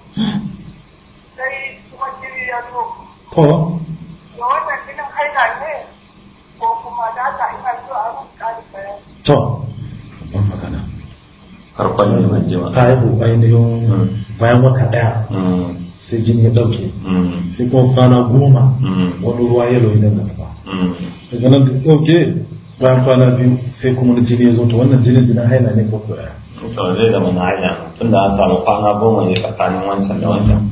sai kuma jiri ya zo. To. Da wannan jinin haila ne ko kuma da ina a rubuta da bayan. To. magana. ne hmm. bayan wata ɗaya. Hmm. sai jini ya dauke. Mm. sai kuma kwana goma mm. wani ruwa yalo idan na zuba mm. daga nan da bayan kwana biyu sai kuma na jini ya zo ta wannan jinin jinin haila ne ko koya to zai zama na haila tun da an samu kwana goma ne tsakanin wancan da wancan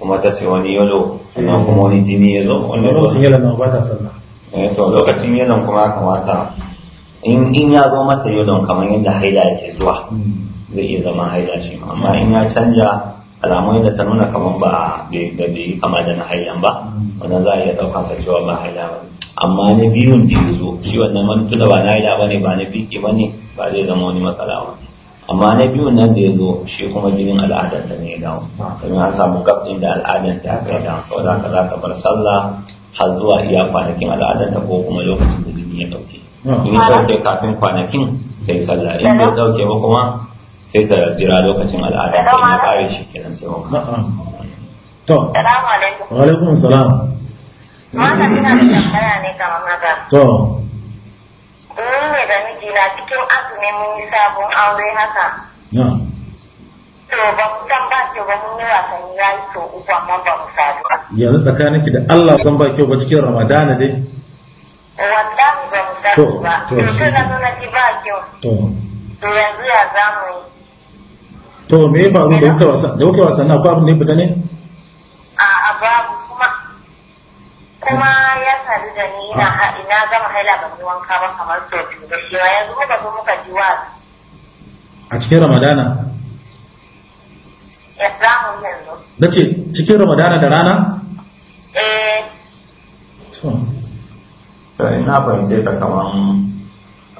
kuma ta ce wani yalo sannan kuma wani jini ya zo wanda lokacin yalan na ba ta sallah eh to lokacin yalon kuma kamata in in ya zo mata yalan kamar yadda haila yake zuwa hmm. zai iya zama haila shi amma in ya canja alamun da ta nuna kamar ba bai kama da na hayan ba wanda za a iya ɗaukar sa cewa ba haila ba amma na biyun biyu zo shi wannan man tuna ba na ba bane ba na ba ne ba zai zama wani matsala ba amma na biyun nan da ya zo shi kuma jinin al'adar ta ne ya dawo domin an samu gab da al'adar ta ya kai dawo saboda haka za ka bar sallah har zuwa iya kwanakin al'adar ta ko kuma lokacin da jini ya ɗauke hmm. in ya ɗauke kafin kwanakin sai sallah in bai ɗauke ba kuma sai ta jira lokacin al'ada ta yi kare shi kenan sai wa. to salamu alaikum wa alaikum salam mana ina da tambaya ne ga haka to mun ne da mijina cikin azumi mun yi sabon aure haka to ba mu san ba ke ba mun yi wasanni ya yi to uku amma ba mu sadu ba yanzu da Allah san ba kyau ba cikin Ramadana dai wallahi ba mu ba to to ba to to yanzu ya zamu yi to me ya faru da kuka wasan na babu ne fita ne a babu kuma kuma ya sadu da ni ina ina gama haila ban yi wanka ba kamar sau biyu da shi yanzu muka zo muka ji wa a cikin ramadana ya eh, samu yanzu da ce cikin ramadana da rana eh to ina eh, fahimce ta kamar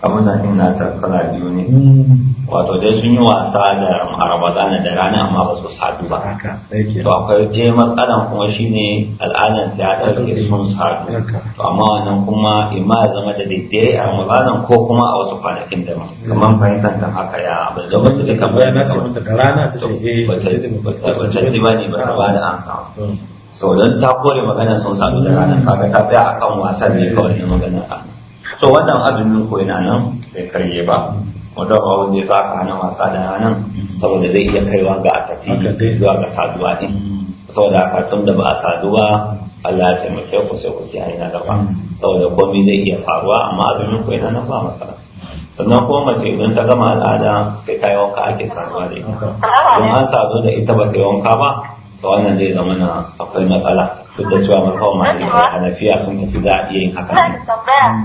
abinda ina ta kala biyu ne hmm. wato dai sun yi wasa da ramadana da rana amma ba su sadu ba to akwai je matsalan kuma shine al'adar ta ya ɗauke sun sadu to amma wannan kuma ima ya zama da daidai a ramadanan ko kuma a wasu kwanakin da hmm. kamar fahimtar da haka ya abin da wata da kamar ya nace mun da rana ta ce eh wata ji ba ne ba ta ba da an hmm. so don ta kore magana sun sadu da rana kaga ta tsaya akan wasan ne kawai na magana to wannan azumin ko yana nan bai karye ba wanda ba wanda ya saka hana wasa da nan saboda zai iya kaiwa ga a tafi zuwa ga saduwa din saboda haka tun da ba a saduwa Allah ya taimake ku sai ku kiyaye na gaba mm. saboda komai zai iya faruwa amma azumin ko yana nan ba masara sannan kuma mace idan ta gama al'ada sai ta yi wanka ake saduwa da ita don an sadu da ita ba ta yi wanka ba to wannan zai zama na akwai matsala duk da cewa makawa a hanafiya sun tafi za a iya yin hakan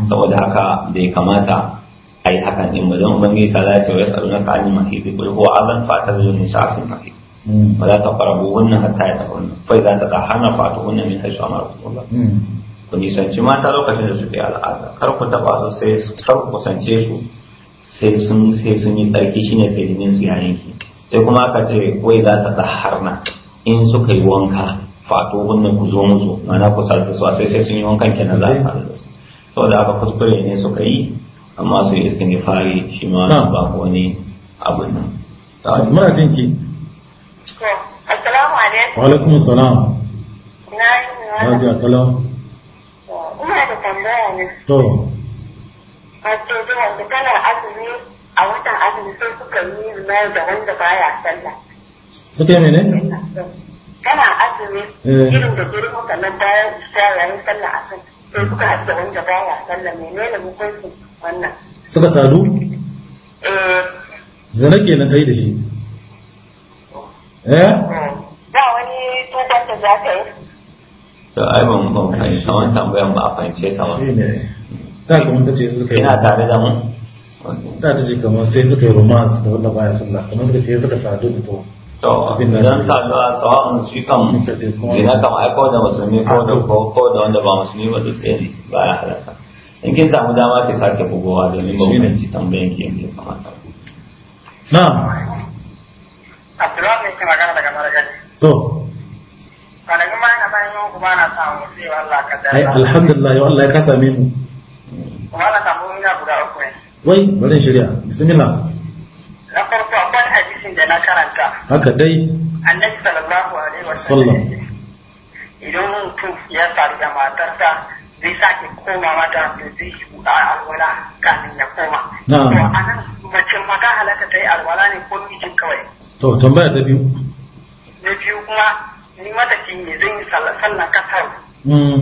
saboda haka bai kamata a yi hakan din ba don bangi ta za ta wai tsaro na kani bai ko kuwa azan fata zai ne sa hmm. sun kafi ba za ta farabu wannan hatta ya tafi wannan fai za ta da hana fata wannan min haisu amara kuma hmm. ku nisanci mata lokacin da suke al'ada kar ku taba su sai kar ku kusance su sai sun sai sun yi tsarki shine sai jinin su ya yanki sai kuma aka ce wai za ta ga harna in suka yi wanka fato wannan ku zo musu mana ku sadu su sai sai sun yi wankan kenan za a sadu da su saboda haka kuskure ne suka yi amma su yi fari shi ma ba wani abin nan muna jin ki assalamu alaikum wa alaikum salam. na yi na kala ina da tambaya ne to wato da kana azumi a watan azumi sai suka yi mayar da wanda baya sallah suka yi ne kana azumi eh. irin da dare kuka nan bayan yayin sallah asan sai kuka haɗu da wanda baya sallah menene hukuncin wannan suka sadu eh zina kenan kai da shi eh ba wani tubar da za ka yi to ai ban ban fahimta wannan tambayan ba a fahimce ta ba ta kuma ta ce suka yi ina tare da mu ta ce kamar sai suka yi romance da wanda baya sallah kamar suka ce suka sadu da to to sa sa an shi kan zina kan ko da musulmi ko da ko ko da wanda ba musulmi ba duk ɗaya ba ya halaka in kin samu dama ki sake bugowa domin ba wani ci tambayan ki yadda ya kamata na Abdullahi ne ke magana daga Maragadi. To. Kana kuma ina bayan yau kuma na samu sai wa Allah ka dara. Ai alhamdulillah yau Allah ya kasa mu. Kuma na samu ina guda uku ne. Wai bari shirya. Bismillah. na farko akwai hadisin da na karanta haka dai annabi sallallahu alaihi wa wasallam idan mutum ya faru da matarsa zai sake koma mata da zai yi a alwala kafin ya koma to nan mace mata halaka ta yi alwala ne ko mijin kawai to tambaya ta biyu na biyu kuma ni mata ne zan yi sallan kasar mm.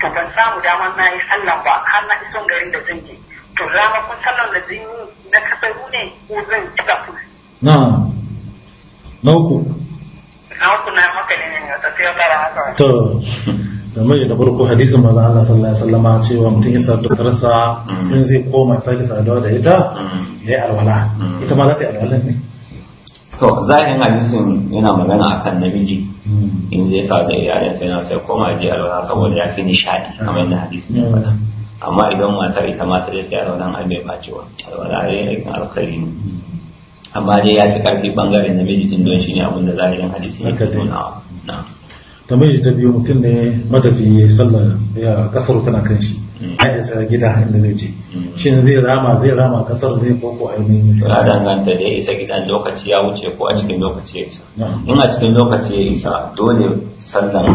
to ban samu damar na yi sallan ba har na ison garin da zan yi. to ramakon sallar da zan na kasaru ne ko zan na na uku na uku na maka ne ne ta haka to da farko hadisin manzo Allah sallallahu alaihi wasallam cewa mutum tarsa mm. zai koma saduwa da ita mm. yayi alwala mm. ita ma za ta yi alwala ne to zahirin hadisin yana magana akan namiji in zai sa da iyalinsa yana sai koma je alwala saboda ya fi nishadi kamar yadda hadisin ya faɗa amma idan matar ita ma ta dace alwalan ai bai bacewa alwala ai aikin alkhairi ne amma dai ya fi karfi bangaren namiji din don shi ne abin da zahirin hadisi ne na ta miji ta biyu mutum ne matafi sallar ya kasar tana kan shi hmm. ya isa gida inda zai ce hmm. shin zai rama zai rama kasar zai ko ko ainihin ya danganta da ya isa gidan lokaci ya wuce ko a cikin lokaci ya isa in a cikin lokaci ya isa dole sallar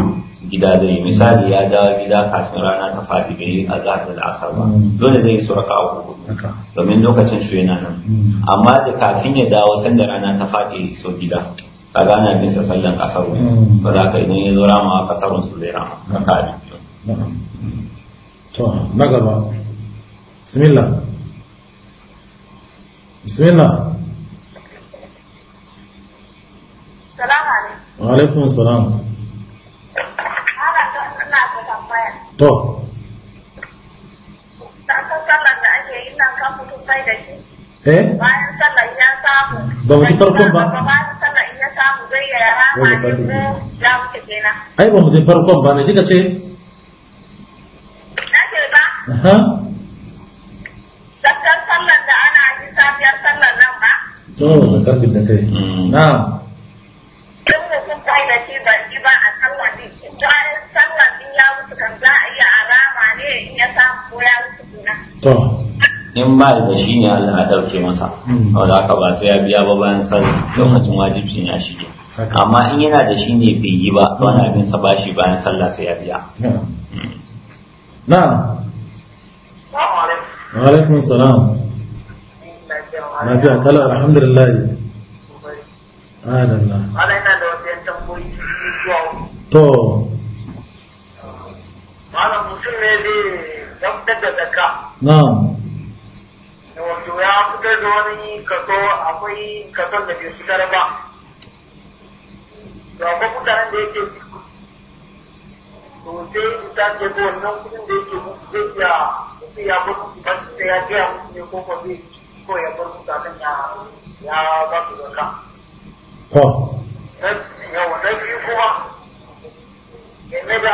gida zai yi misali ya dawo gida kafin rana ta faɗi bai yi a zahar da asar ba mm. dole zai yi raka a hudu domin lokacin shi yana nan mm. amma da kafin ya dawo sanda rana ta faɗi so gida ka gana bin sa sallan kasaru mm. ba za ka idan ya zo rama kasarun su zai rama ka kare to na gaba bismillah bismillah to eh bayan sallar ya samu ba mu ci farkon ba bayan sallar ya samu zai eh, ya rama ne za ya mutu kenan ai ba mu ci farkon ba ne kika ce na ce ba aha zakar sallar da ana yi safiyar sallar nan ba to zakar da kai hmm. na sun da sun kai da shi ba in ba da shi ne Allah ya ɗauke masa wanda hmm. aka ba sai ya biya ba bayan sallah hmm. lokacin wajibcin ya shige amma in yana da shi ne bai yi ba to ana bin sa bashi bayan sallah sai ya biya hmm. na'am wa alaikum salam lafiya kala alhamdulillah Allah ana ina da wasu yan tamboyi to da na'am wato ya fitar da wani kaso akwai kason da bai fitar ba to akwai mutanen da yake to sai ta ce ko wannan kudin da yake zai iya ya bar ba ya gaya musu ne ko ba zai ko ya bar musu ya ya ba su to na biyu kuma game da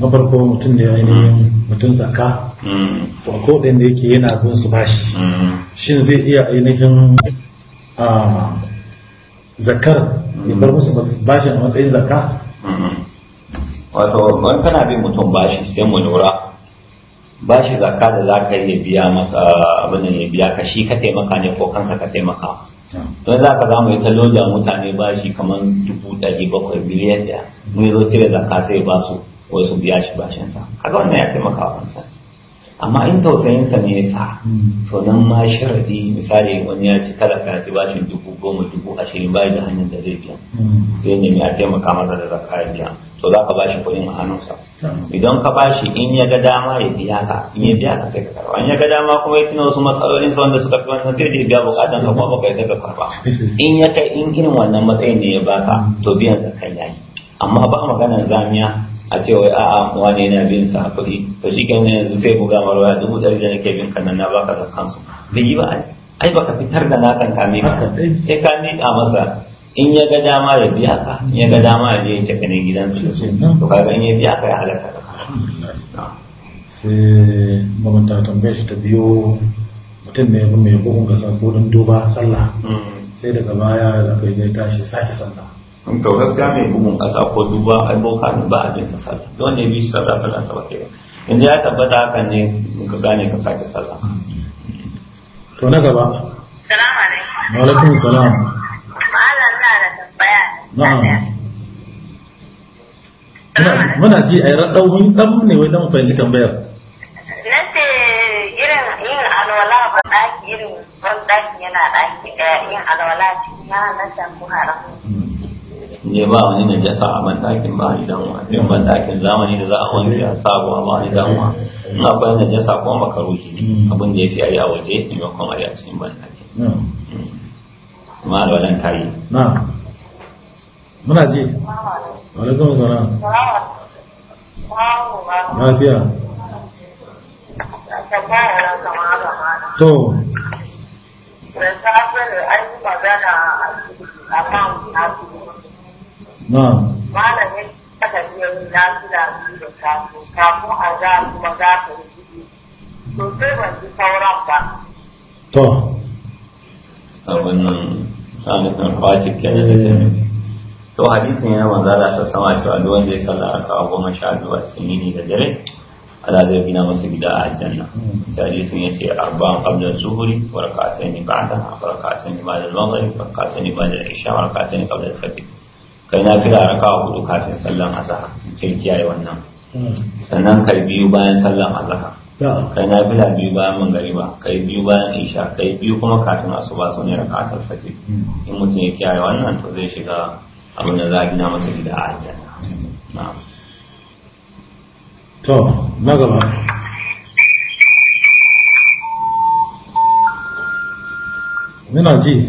na farko mutum da ainihin mm. mutum zakka mm. ko ko da yake yana bin su ba shi. Mm. shin zai iya ainihin zakar ya bar musu bashi a matsayin zakka mm-hmm. wato ban kana bin mutum bashi sai mu lura bashi zakka da za ka iya biya masa abin da ya biya ka shi ka taimaka ne ko kansa ka taimaka don za ka zamu yi tallo da mutane bashi kamar dubu ɗari bakwai miliyan ɗaya mun yi zo cire zakka sai ba su wai su biya shi bashinsa kaga wannan ya taimaka wa kansa amma in tausayinsa ne ya sa to nan ma sharadi misali wani ya ci talaka ya ci bashin dubu goma dubu ashirin bayan da hanyar da zai biya sai ne ya taimaka masa da zaka ya biya to za ka bashi kuɗin a hannunsa idan ka bashi in ya ga dama ya biya ka in ya biya ka sai ka karba in ya ga dama kuma ya tuna wasu matsalolin sa wanda suka fi wannan sai ya biya bukatan ka kuma baka yi sai ka karba in ya kai in irin wannan matsayin ne ya baka to biyan zakan yayi amma ba maganar zamiya a ce wai a'a na yana bin sa kuɗi to shi kenan yanzu sai buga marwa dubu ɗari da nake bin kan nan na baka zakan su bai yi ba ai baka fitar da kan ka ba sai ka miƙa masa in ya ga dama ya biya ka in ya ga dama ya je ya cika ne gidansu su to kaga in ya biya ka ya halaka ka sai mamanta tambaye shi ta biyo mutum ne mai bugun gasa ko don duba sallah mm. sai daga baya da kai ya tashi sake sallah in ka gaskiya mai bugun ƙasa ko duba ai boka ne ba a bin sa sallah don ne bi sallah sallah sa bakai yanzu ya tabbata hakan ne ka gane ka sake sallah to na gaba salamu alaikum wa alaikum salam malam na da tambaya na'am muna ji a yi raɗaunin tsam ne wai dan fahimci bayar. na ce irin yin alwala ba ɗaki irin ban ɗaki yana ɗaki ɗaya yin alwala ce na nan ko haramun ne ba wani na jasa a bandakin ba ni damuwa in bandakin zamani da za a wanke a sabuwa ba ni damuwa in akwai na jasa kuma makaruki ne mm. abin da ya fi a yi a waje in a kuma a cikin bandakin kuma da wajen yi na muna ji alaikum salam lafiya to da safe an yi a kan malam ya kasa biyar na suna biyu da kafin kafin a za kuma za ka yi biyu sosai ban ji sauran ba. to abin nan sanikan kwatik kenan da jami'a to hadisin yana manzo Allah sa sama cewa duk wanda ya salla raka'a goma sha biyu a cikin yini da dare Allah zai gina masa gida a aljanna sai hadisin yace arba'an qabla zuhuri wa raka'atayn ba'da wa raka'atayn ba'da al-maghrib wa raka'atayn ba'da al-isha wa raka'atayn qabla al-fajr kai na fila raka hudu kafin sallan azhar kin kiyaye wannan sannan kai biyu bayan sallan azhar kai na fila biyu bayan magariba kai biyu bayan isha kai biyu kuma kafin asuba su ne raka fati in mutum ya kiyaye wannan to zai shiga abin da za a gina masa gida a aljanna to na gaba muna ji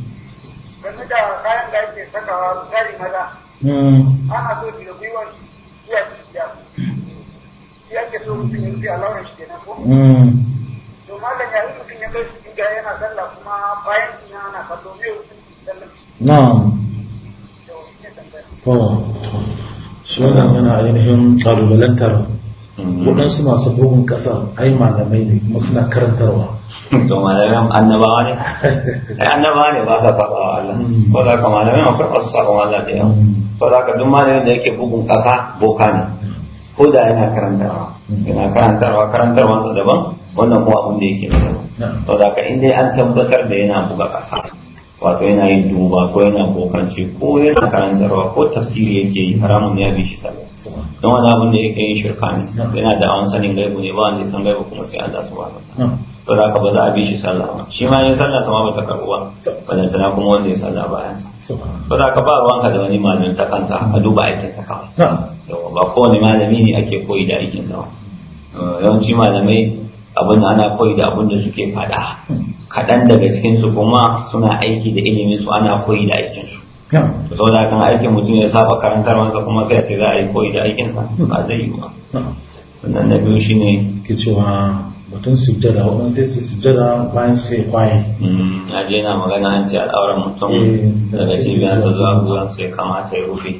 da kayan da ake sakawa misali maza hmm. ana so da gwiwar iya cikiya shi ake so mutum ya rufe alawar shi kenan ko hmm. to malam ya yi mutum ya kai shi gida yana sallah kuma bayan shi ana kallo zai wuce sallah na'am to shi wannan yana ainihin kalubalantar waɗansu masu bugun ƙasa ai malamai ne kuma suna karantarwa to malamin annabawa ne ai annabawa ne ba sa saba wa Allah ko da ka malamai akwai wasu saba wa Allah da yawa mm. ko da ka duk malamin mm. mm. da yake bugun kasa boka ne ko da yana karantarwa yana karantarwa karantarwa sa daban wannan kuma abin da yake nuna to da ka inda an tabbatar da yana buga kasa wato yana yin duba ko yana bokanci ko yana karantarwa ko tafsiri yake yi haramun ya bi shi don wani abin da yake yin shirka ne yana da awan sanin gaibu ne ba wanda ya san gaibu kuma sai Allah subhanahu ba. za ka ba za a bi shi sallah ba shi ma yin sallah sama bata ta karuwa wannan sana kuma wanda ya sallah bayan sa ba za ka ba wanka da wani malamin ta kansa a duba aikin sa kawai ba kowane malami ne ake koyi da aikin sa uh, yawanci malamai abin da ana koyi da abin da suke fada kaɗan daga cikin su kuma suna aiki da ilimin su ana koyi da aikin su saboda kan aikin mutum ya saba karantar wansa kuma sai a ce za a yi koyi da aikin sa ba zai yi ba sannan na biyu shine ke mutum sujjada waɗansu sai su sujjada bayan su ya kwaye. Hmm, na je na magana an ce al'auran mutum eh, daga cibiyarsa zuwa gwiwan sai kamata ya rufe eh.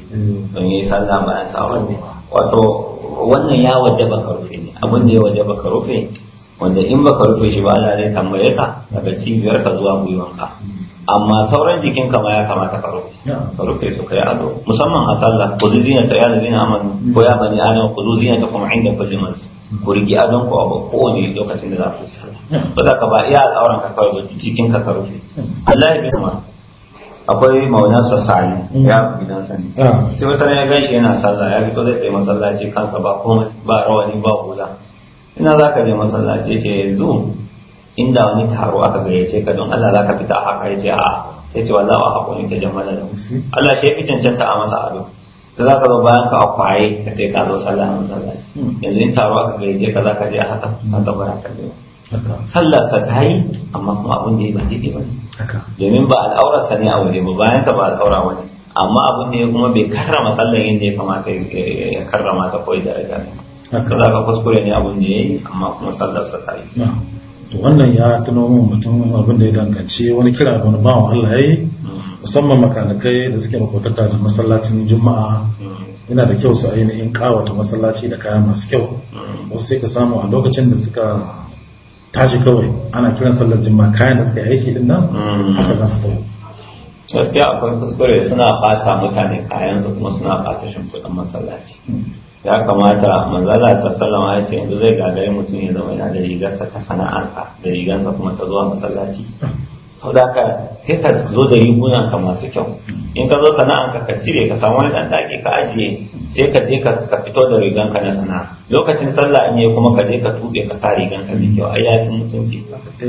don yi sallah bayan sa'awar ne wato wannan ya waje baka rufe ne abin ya waje baka rufe wanda in baka rufe shi ba Allah zai tambaye ka daga ka zuwa gwiwanka hmm. amma sauran jikin ma ya kamata ka rufe ka rufe su kai ado musamman a sallah kudu zina ta ya zina amanu hmm. ko ya bani ku kudu zina ta kuma inda kulli ku rigi adon ku ko wani lokacin da za ku sallah ba za ka ba iya al'auran ka kawai ba cikin ka ka rufe Allah ya bi kuma akwai maunan sassari ya gidan Sani. Ah. sai wata ya gan shi yana sallah ya fito zai tsaye masallaci kansa ba komai ba rawani ba hula ina za ka je masallaci ce yanzu inda wani taro aka gayyace ka don Allah za ka fita haka ya ce a sai ce wallahi a hakuri ta jama'a da Allah shi ya fi cancanta a masa ado da za ka zo bayan ka akwaye ka ce ka zo sallah na masallaci yanzu in taruwa ka gaje ka za ka je a haka haka ba za ka sallah sa ta yi amma kuma abin da ya ba daidai ba ne domin ba al'aurarsa ne a waje ba bayan sa ba al'aura wani amma abun da ya kuma bai karrama sallar yadda ya kamata ya karrama ta koyi da rajata ka za ka kuskure ne abin da ya yi amma kuma sallar sa ta yi to wannan ya tuno mun mutum abin da ya danganci wani kira da wani bawan Allah yayi musamman makanikai da suke makotata da masallacin juma'a yana da kyau su ainihin kawata masallaci da kaya masu kyau wasu sai ka samu a lokacin da suka tashi kawai ana kiran sallar juma'a kayan da suka yi aiki din nan haka za su gaskiya akwai kuskure suna bata mutane kayan su kuma suna bata shimfiɗan masallaci ya kamata manzala ta sallama ya ce yanzu zai gagari, mutum ya zama yana da rigarsa ta sana'arsa da rigarsa kuma ta zuwa masallaci sau da ka sai ka zo da rigunan ka masu kyau in ka zo sana'an ka ka cire ka samu wani dan daki ka ajiye sai ka je ka fito da rigan ka na sana'a lokacin sallah in yi kuma ka je ka tuɓe ka sa rigan ka mai kyau ai ya fi mutunci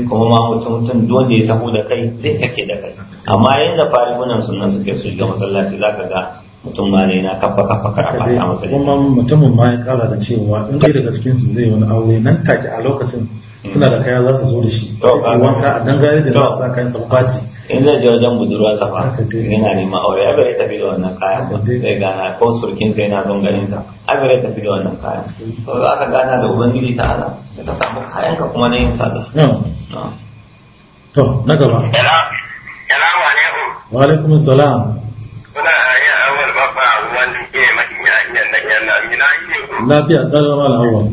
kuma ma mutum mutum dole ya sahu da kai zai sake da kai amma yadda farigunan sunan suke su ga masallaci za ka ga mutum ma ne na kafa kafa kar a matsayin kuma mutumin ma ya kara da cewa in kai daga cikin su zai wani aure nan take a lokacin suna da kaya za su zo da shi to wanka a dan gari da za su kai ta baci in zai je wajen budurwa safa yana neman aure ai bare tafi da wannan kaya ko sai gana ko surkin sai na zon garin ta ai bare tafi da wannan kaya to za ka gana da ubangiji ta ala sai ka samu kayan ka kuma na yin sada to na gaba salamu alaikum wa alaikum salam lafiya tsarar ma al'awar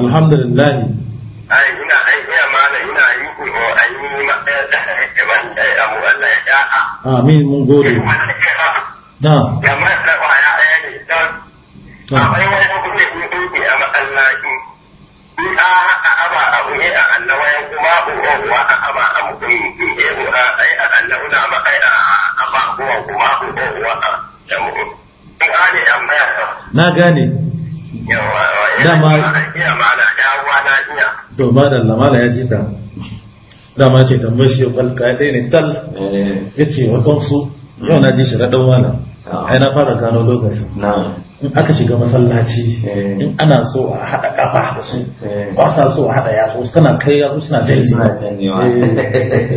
alhamdulillah ina iya mana ina yi kuma a yi matsayar eh, da ake eh, eh, ban da abu mu Allah ya da'a amin mun gode da ya ma da kwaya ɗaya ne don akwai wani ne kuɗi in ɗauke a masallaci ni a haka aba abu ne a annawa ya kuma uwa uwa a aba a mutum in ɗaya a a annawa na ma'ai a aba uwa kuma uwa uwa a jami'in na gane dama to ba da lamala ya ji ta dama ce tambar shi ya ɗaya ne tal eh. ya ce wakansu yau na ji shi raɗan wala ah. ai na fara gano lokacin aka shiga masallaci eh. in ana so a haɗa ƙafa da su eh. ba sa so a haɗa yatsu Tana kai yatsu suna janyewa eh. suna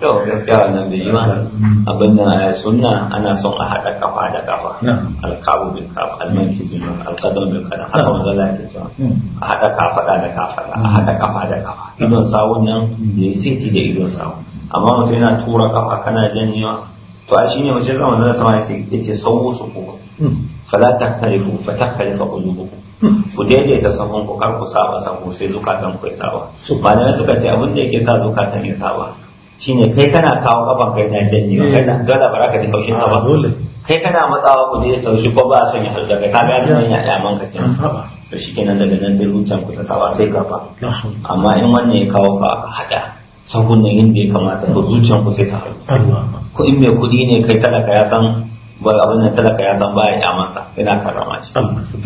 to gaskiya wannan bai yi ma mm. abin da sunna ana son a haɗa ƙafa da ƙafa alkabu bin kafa almanki bil alqadam bin qadam haka magana ke cewa a haɗa kafaɗa da kafaɗa a haɗa ƙafa da ƙafa mm. idon sawun nan da mm. ya siti da idon sawu amma mutum yana tura ƙafa kana janyewa to a shine mace zama zana sama ya ce sawo su kuma fala tahtalifu fa tahtalifa qulubukum ku daidaita sahun ku kar ku saba sahu sai zukatan ku saba malamai suka ce abin da yake sa zukatan ya saba shine kai kana kawo kafan kai na janne hmm. kai na dole ba ka ji kaushin sa ba ah, kai kana matsawa ku ne sauki ko ba son ya halda ka ga nan ya manka kin saba to shikenan daga nan sai zuciyan ku ta saba sai ka kafa ah. amma in wannan ya kawo ka hada sahun ne inda ya kamata to zuciyan ku sai ta halu ko in mai kudi ne kai talaka ya san ba abin nan talaka ya san baya kyamansa yana karama shi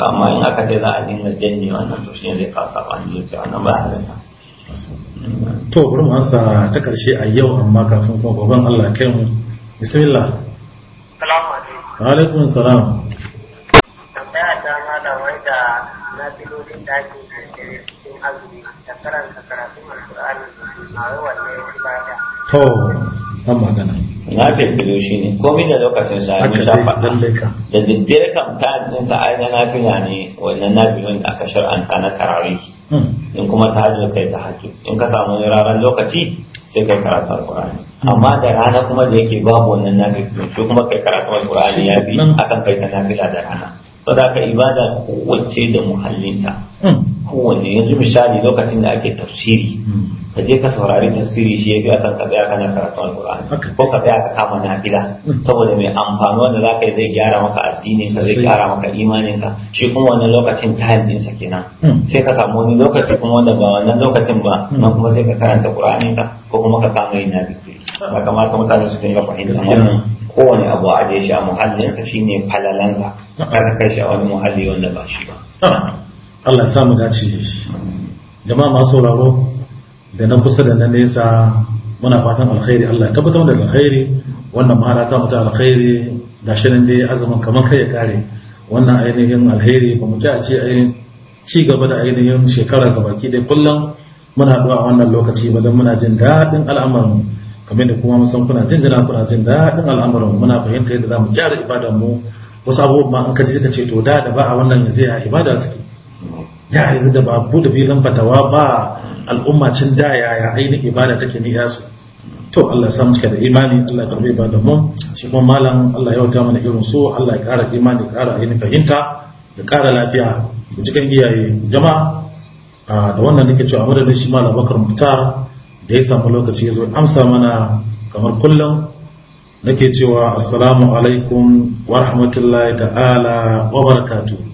amma in aka ce za a dinga janye wannan to shi zai kawo sabani ya ce wannan ba halatta to bari mu sa ta karshe a yau amma kafin kuma baban Allah kai mu bismillah salamu alaikum wa alaikum salam tambaya ta da wai da na da ake kirkire cikin azumi da karanta karatun alqur'ani wanne ibada to magana na filfilu shi ne komai da lokacin sa mun sha faɗa da daddare kan kayan sa ai na na ne wannan nafilun da aka shar'anta na tarawih hmm. in kuma ta hajjo kai ta hajjo in ka samu raran lokaci sai kai karatu alqur'ani hmm. amma da rana kuma da yake babu wannan nafilun shi kuma kai karatu alqur'ani ya bi akan kai ta nafila da rana saboda ibada kowace da muhallinta hmm. kowanne yanzu misali lokacin da ake tafsiri ka je ka saurari tafsiri shi ya akan ka tsaya kana karatu alqur'ani ko ka tsaya ka kama nafila hmm. saboda mai amfani wanda za ka yi zai gyara maka addinin ka zai gyara maka imanin ka shi kuma wannan lokacin time din sa kenan hmm. sai ka samu wani lokaci kuma wanda ba wannan lokacin ba hmm. nan kuma sai ka karanta qur'anin ka ko kuma ka kama yin nafila ba kamata mutane su dinga fahimta ko kowane abu a ajiye shi a muhallinsa shine falalansa kada kai shi a wani muhalli wanda ba shi ba Allah samu dace jama'a masu sauraro da na kusa da na nesa muna fatan alkhairi Allah ya tabbatar da alkhairi wannan mahara ta mutu alkhairi da shi nan dai azumin kamar kai ya kare wannan ainihin alheri ba mu a ce ainihin ci gaba da ainihin shekara ga baki dai kullum muna zuwa wannan lokaci ba don muna jin daɗin al'amarin kamar da kuma musan kuna jin jina kuna jin daɗin al'amarin muna fahimta yadda za mu gyara ibadar mu wasu abubuwan ma an kaji ka ce to da da ba a wannan zai a ibada suke ya yanzu da ba bude filin fatawa ba al'umma can da yaya aini ibada take ni yasu to Allah ya samu da imani Allah ya karbi ibadar mu shi kuma malam Allah ya wata mana irin su Allah ya kara imani kara aini fahimta da kara lafiya da cikin iyaye jama'a da wannan nake cewa da shi malam Bakar muta da ya samu lokaci ya zo amsa mana kamar kullum nake cewa assalamu alaikum wa rahmatullahi ta'ala wa barakatuh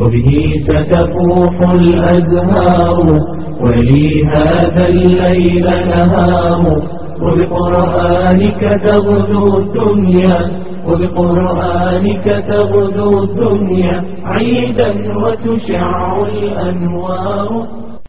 وبه ستفوح الأزهار ولي هذا الليل نهار وبقرآنك تغدو الدنيا وبقرآنك تغدو الدنيا عيدا وتشع الأنوار